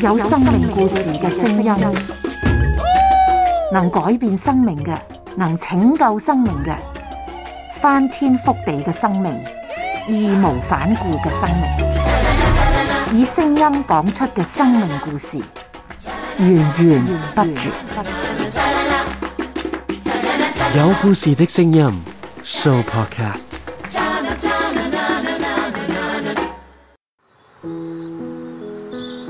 有生命故事嘅聲音，能改變生命嘅，能拯救生命嘅，翻天覆地嘅生命，義無反顧嘅生命，以聲音講出嘅生命故事，源源不絕。有故事嘅聲音，Show Podcast。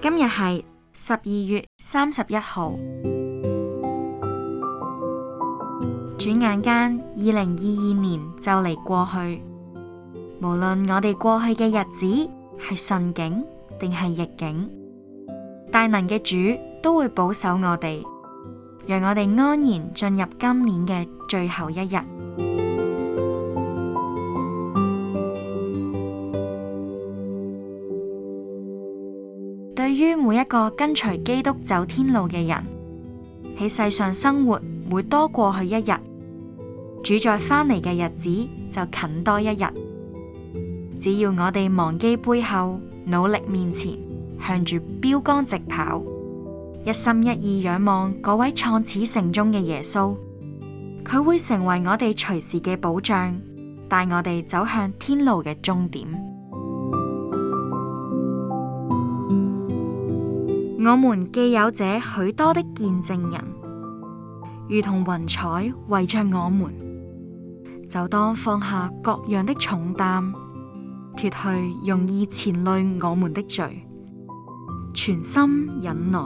今日係十二月三十一號，轉眼間二零二二年就嚟，過去。無論我哋過去嘅日子係順境定係逆境，大能嘅主都會保守我哋，讓我哋安然進入今年嘅最後一日。一個跟隨基督走天路嘅人喺世上生活，每多過去一日，主再翻嚟嘅日子就近多一日。只要我哋忘記背後，努力面前，向住標杆直跑，一心一意仰望嗰位創始成終嘅耶穌，佢會成為我哋隨時嘅保障，帶我哋走向天路嘅終點。我們既有這許多的見證人，如同雲彩圍着我們，就當放下各樣的重擔，脫去容易纏累我們的罪，全心忍耐，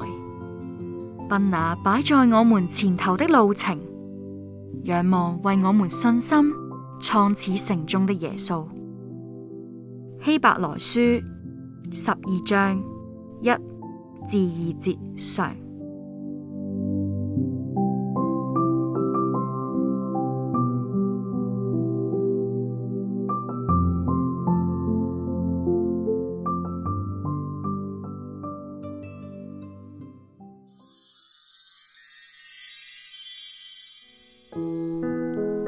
奔那擺在我們前頭的路程。仰望為我們信心創始成終的耶穌。希伯來書十二章一。自意接上，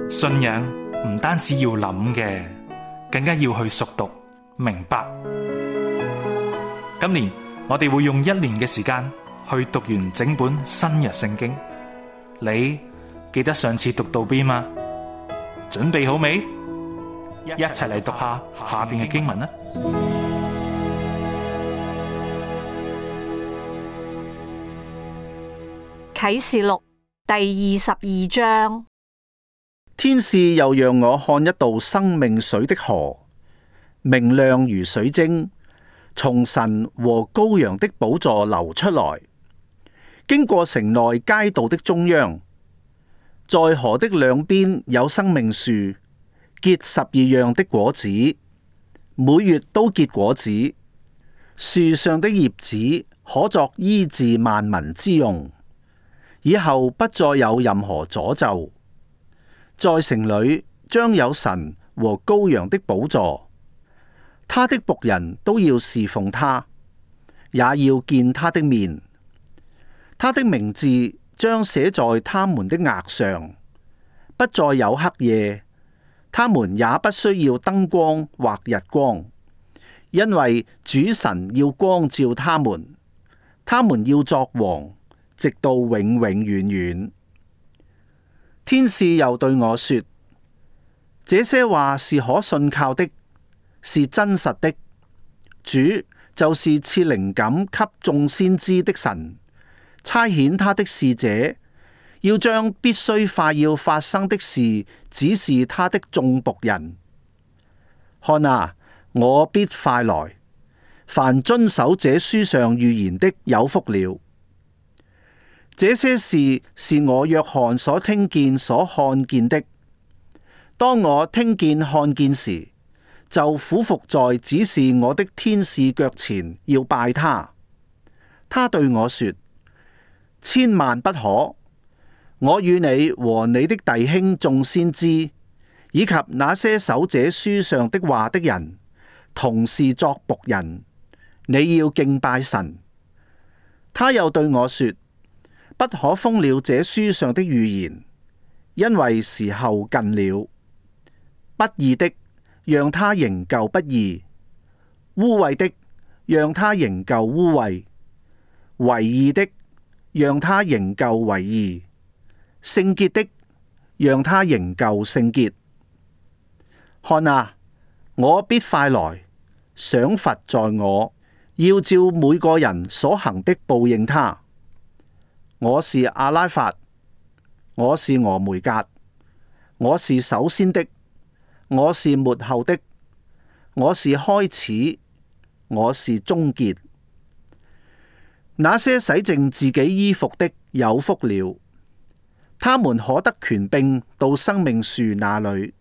信仰唔單止要諗嘅，更加要去熟讀明白。今年。我哋會用一年嘅時間去讀完整本新約聖經。你記得上次讀到邊嗎？準備好未？一齊嚟讀下下邊嘅經文啦！啟示錄第二十二章，天使又讓我看一道生命水的河，明亮如水晶。從神和羔羊的寶座流出來，經過城內街道的中央，在河的兩邊有生命樹，結十二樣的果子，每月都結果子，樹上的葉子可作醫治萬民之用。以後不再有任何詛咒，在城裏將有神和羔羊的寶座。他的僕人都要侍奉他，也要見他的面。他的名字將寫在他們的額上，不再有黑夜，他們也不需要燈光或日光，因為主神要光照他們。他們要作王，直到永永遠遠。天使又對我說：這些話是可信靠的。是真實的，主就是賜靈感給眾先知的神，差遣他的使者，要將必須快要發生的事指示他的眾僕人。看哪，我必快來，凡遵守這書上預言的有福了。這些事是我約翰所聽見、所看見的。當我聽見、看見時，就俯伏在指示我的天使腳前，要拜他。他對我說：千萬不可，我與你和你的弟兄眾先知，以及那些守這書上的話的人，同是作僕人。你要敬拜神。他又對我說：不可封了這書上的預言，因為時候近了，不義的。讓他仍舊不義，污穢的讓他仍舊污穢，為義的讓他仍舊為義，聖潔的讓他仍舊聖潔。看啊，我必快來，賞罰在我，要照每個人所行的報應他。我是阿拉法，我是俄梅戛，我是首先的。我是末後的，我是開始，我是終結。那些洗淨自己衣服的有福了，他們可得權柄到生命樹那裏，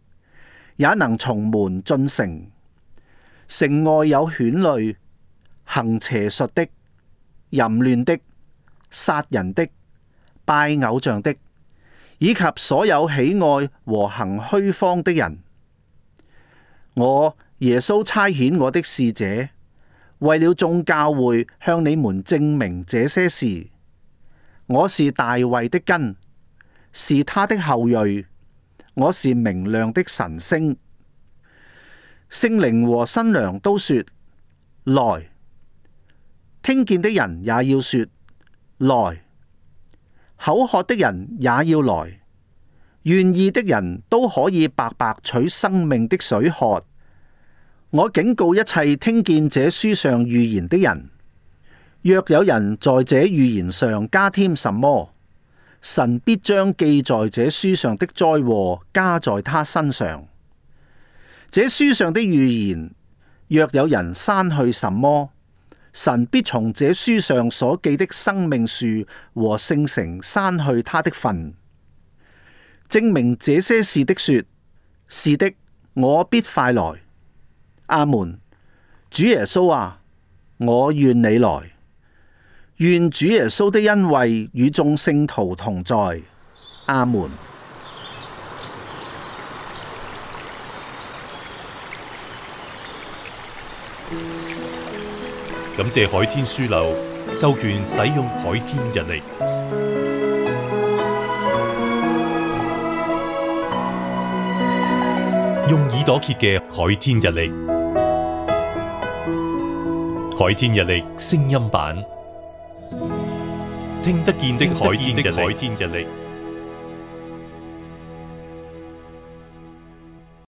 也能從門進城。城外有犬類行邪術的、淫亂的、殺人的、拜偶像的，以及所有喜愛和行虛謊的人。我耶穌差遣我的使者，為了眾教會向你們證明這些事。我是大衛的根，是他的後裔。我是明亮的神星，聖靈和新娘都說來，聽見的人也要說來，口渴的人也要來。願意的人都可以白白取生命的水喝。我警告一切聽見這書上預言的人：若有人在這預言上加添什麼，神必將記在這書上的災禍加在他身上；這書上的預言若有人刪去什麼，神必從這書上所記的生命樹和聖城刪去他的份。證明這些事的說，是的，我必快來。阿門。主耶穌話：我願你來，願主耶穌的恩惠與眾聖徒同在。阿門。感謝海天書樓授權使用海天日曆。用耳朵揭嘅《海天日曆》，《海天日曆》聲音版，聽得見的《海天日曆》。